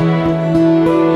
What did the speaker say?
Música